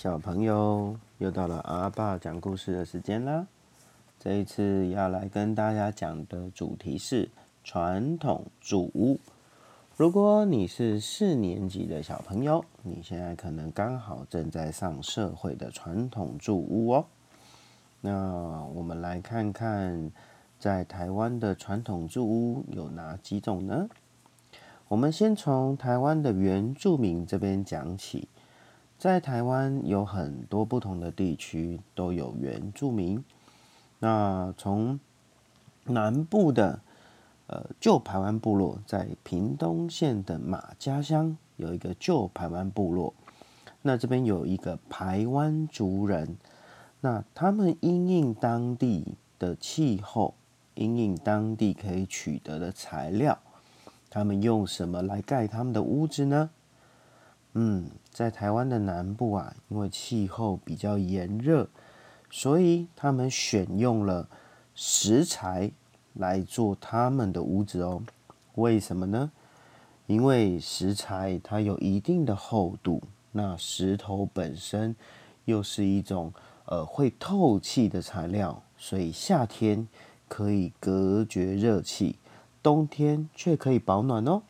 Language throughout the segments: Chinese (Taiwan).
小朋友，又到了阿爸講故事的時間啦！這一次要來跟大家講的主題是傳統住屋。如果你是四年級的小朋友，你現在可能剛好正在上社會的傳統住屋哦。那我們來看看，在台灣的傳統住屋有哪幾種呢？我們先從台灣的原住民這邊講起。在台灣有很多不同的地區都有原住民。那從南部的呃舊排灣部落，在屏東縣的馬家鄉有一個舊排灣部落。那這邊有一個排灣族人，那他們因應當地的氣候，因應當地可以取得的材料，他們用什麼來蓋他們的屋子呢？嗯，在台灣的南部啊，因為氣候比較炎熱，所以他們選用了石材來做他們的屋子哦。為什麼呢？因為石材它有一定的厚度，那石頭本身又是一種呃會透氣的材料，所以夏天可以隔絕熱氣，冬天卻可以保暖哦。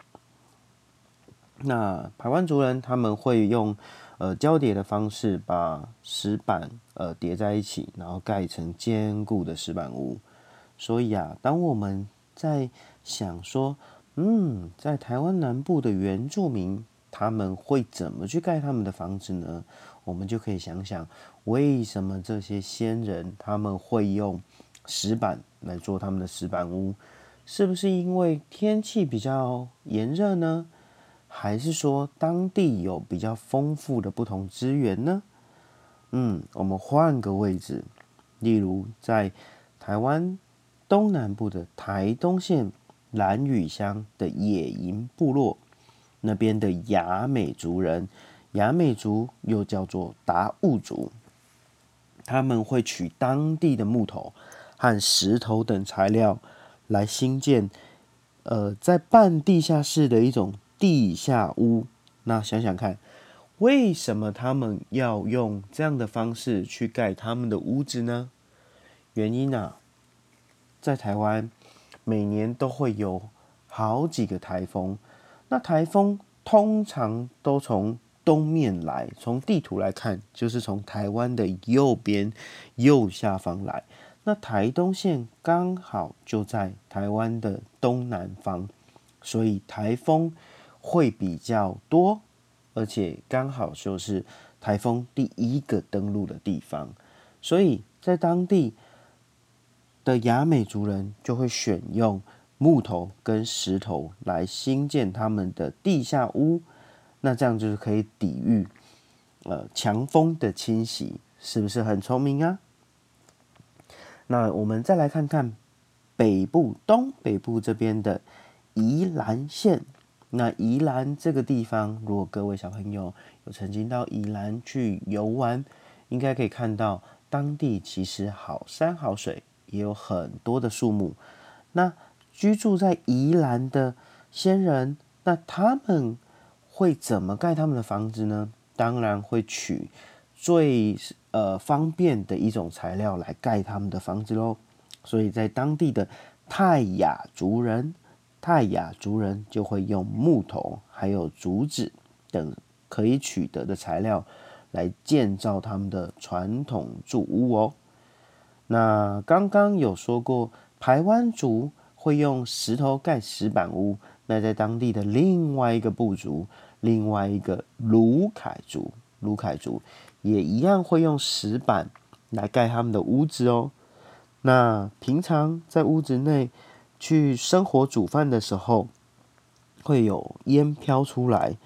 那排灣族人他們會用呃交疊的方式把石板呃疊在一起，然後蓋成堅固的石板屋。所以啊，當我們在想說，嗯，在台灣南部的原住民他們會怎麼去蓋他們的房子呢？我們就可以想想，為什麼這些先人他們會用石板來做他們的石板屋？是不是因為天氣比較炎熱呢？還是說當地有比較豐富的不同資源呢？嗯，我們換個位置，例如在台灣東南部的台東縣蘭嶼鄉的野銀部落，那邊的雅美族人，雅美族又叫做達悟族，他們會取當地的木頭和石頭等材料來興建，呃，在半地下室的一種。地下屋，那想想看，為什麼他們要用這樣的方式去蓋他們的屋子呢？原因呢、啊，在台灣每年都會有好幾個台風，那台風通常都從東面來，從地圖來看，就是從台灣的右邊右下方來。那台東縣剛好就在台灣的東南方，所以台風，會比較多，而且剛好就是台風第一個登陸的地方，所以在當地的雅美族人就會選用木頭跟石頭來興建他們的地下屋，那這樣就是可以抵禦呃強風的侵襲，是不是很聰明啊？那我們再來看看北部東北部這邊的宜蘭縣。那宜蘭這個地方，如果各位小朋友有曾經到宜蘭去遊玩，應該可以看到當地其實好山好水，也有很多的樹木。那居住在宜蘭的先人，那他們會怎麼蓋他們的房子呢？當然會取最呃方便的一種材料來蓋他們的房子嘍。所以在當地的泰雅族人。泰雅族人就會用木頭，還有竹子等可以取得的材料來建造他們的傳統住屋哦。那剛剛有說過，排灣族會用石頭蓋石板屋，那在當地的另外一個部族，另外一個魯凱族，魯凱族也一樣會用石板來蓋他們的屋子哦。那平常在屋子內。去生火煮飯的時候，會有煙飄出來。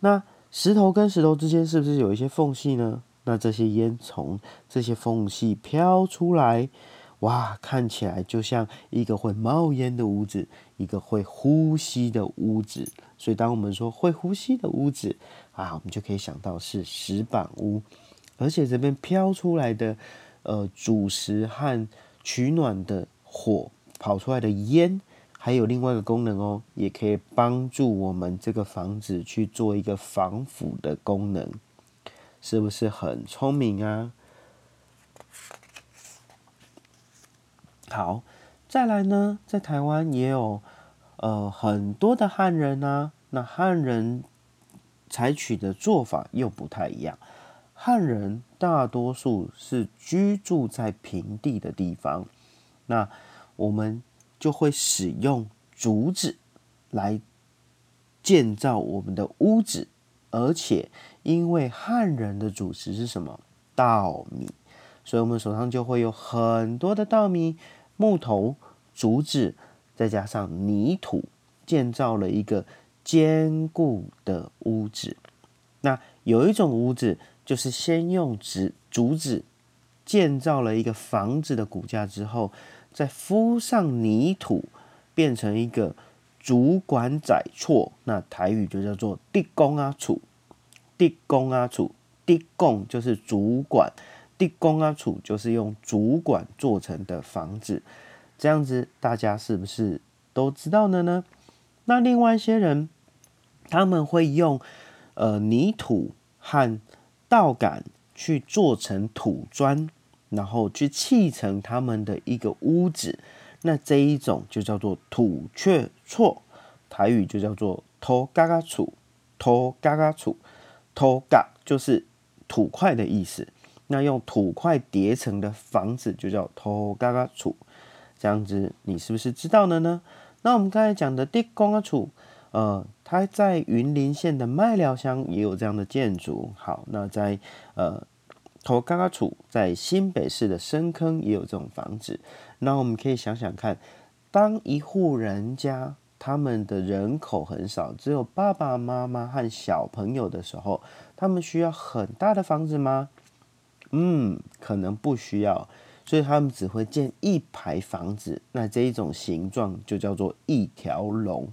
那石頭跟石頭之間是不是有一些縫隙呢？那這些煙從這些縫隙飄出來，哇，看起來就像一個會冒煙的屋子，一個會呼吸的屋子。所以，當我們說會呼吸的屋子啊，我們就可以想到是石板屋，而且這邊飄出來的呃主食和取暖的火。烤出來的煙還有另外一個功能哦，也可以幫助我們這個房子去做一個防腐的功能，是不是很聰明啊？好，再來呢，在台灣也有呃很多的漢人啊，那漢人採取的做法又不太一樣，漢人大多數是居住在平地的地方，那。我們就會使用竹子來建造我們的屋子，而且因為漢人的主食是什麼稻米，所以我們手上就會有很多的稻米、木頭、竹子，再加上泥土，建造了一個堅固的屋子。那有一種屋子，就是先用竹竹子建造了一個房子的骨架之後。再敷上泥土，變成一個竹管窄厝，那台語就叫做地宮啊厝，地宮啊厝，地公就是竹管，地宮啊厝就是用竹管做成的房子。這樣子大家是不是都知道了呢？那另外一些人，他們會用呃泥土和稻稈去做成土磚。然後去砌成他們的一個屋子，那這一種就叫做土埆厝，台語就叫做土嘎嘎厝，土嘎嘎厝，土嘎就是土塊的意思，那用土塊疊成的房子就叫土嘎嘎厝，這樣子你是不是知道了呢？那我們剛才講的地公阿厝，呃，它在雲林縣的麥寮鄉也有這樣的建築，好，那在呃。頭嘎嘎楚在新北市的深坑也有這種房子，那我們可以想想看，當一戶人家，他們的人口很少，只有爸爸媽媽和小朋友的時候，他們需要很大的房子嗎？嗯，可能不需要，所以他們只會建一排房子，那這一種形狀就叫做一條龍。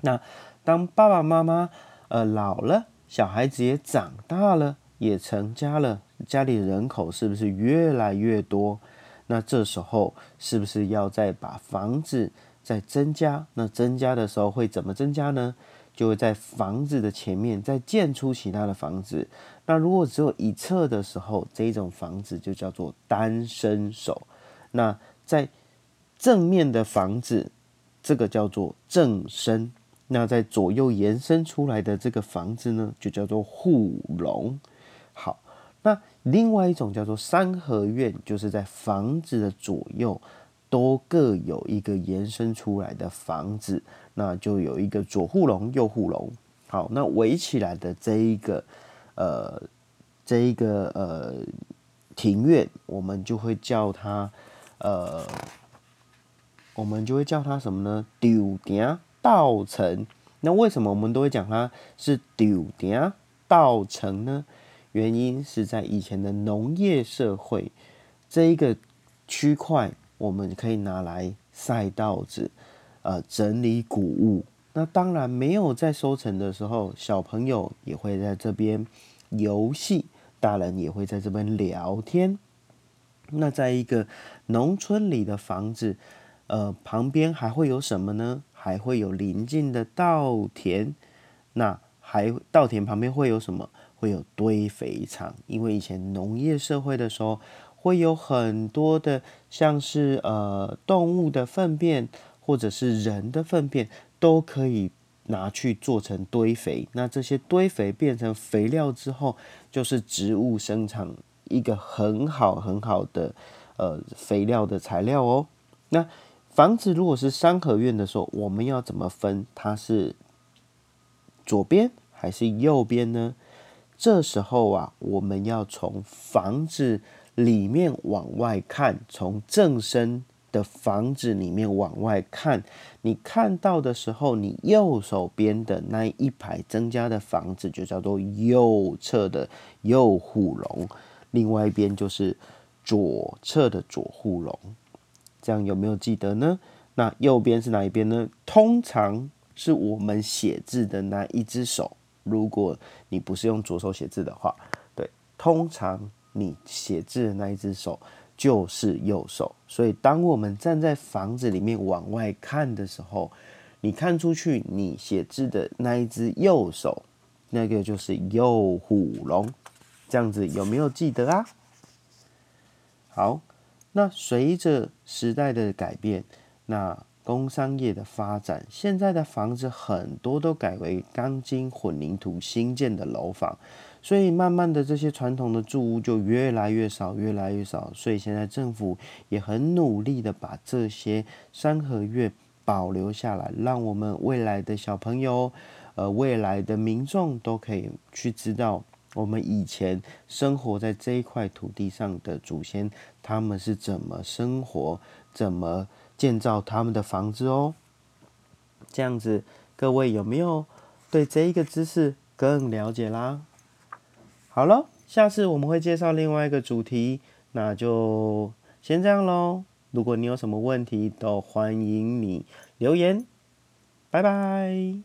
那當爸爸媽媽呃老了，小孩子也長大了。也成家了，家裡人口是不是越來越多？那這時候是不是要再把房子再增加？那增加的時候會怎麼增加呢？就會在房子的前面再建出其他的房子。那如果只有一側的時候，這種房子就叫做單伸手。那在正面的房子，這個叫做正身。那在左右延伸出來的這個房子呢，就叫做護龍。那另外一種叫做三合院，就是在房子的左右都各有一個延伸出來的房子，那就有一個左護龍，右護龍。好，那圍起來的這一個呃，這一個呃庭院，我們就會叫它呃，我們就會叫它什麼呢？斗亭稻埕。那為什麼我們都會講它是斗亭稻埕呢？原因是在以前的農業社會，這一個區塊，我們可以拿來曬稻子，呃，整理穀物。那當然沒有在收成的時候，小朋友也會在這邊遊戲，大人也會在這邊聊天。那在一個農村裡的房子，呃，旁邊還會有什麼呢？還會有鄰近的稻田。那還稻田旁邊會有什麼？會有堆肥場，因為以前農業社會的時候，會有很多的，像是呃動物的糞便或者是人的糞便，都可以拿去做成堆肥。那這些堆肥變成肥料之後，就是植物生產一個很好很好的呃肥料的材料哦。那房子如果是三合院的時候，我們要怎麼分？它是左邊還是右邊呢？這時候啊，我們要從房子裡面往外看，從正身的房子裡面往外看。你看到的時候，你右手邊的那一排增加的房子就叫做右側的右護龍，另外一邊就是左側的左護龍。這樣有沒有記得呢？那右邊是哪一邊呢？通常是我們寫字的那一隻手。如果你不是用左手寫字的話，對，通常你寫字的那一只手就是右手。所以，當我們站在房子裡面往外看的時候，你看出去你寫字的那一只右手，那個就是右虎龍。這樣子有沒有記得啊？好，那隨着時代的改變，那工商業的發展，現在的房子很多都改為鋼筋混凝土新建的樓房，所以慢慢的這些傳統的住屋就越來越少，越來越少。所以現在政府也很努力的把這些三合院保留下來，讓我們未來的小朋友，呃，未來的民眾都可以去知道我們以前生活在這一塊土地上的祖先，他們是怎麼生活，怎麼。建造他們的房子哦，這樣子各位有沒有對這一個知識更了解啦？好了，下次我們會介紹另外一個主題，那就先這樣嘍。如果你有什麼問題，都歡迎你留言，拜拜！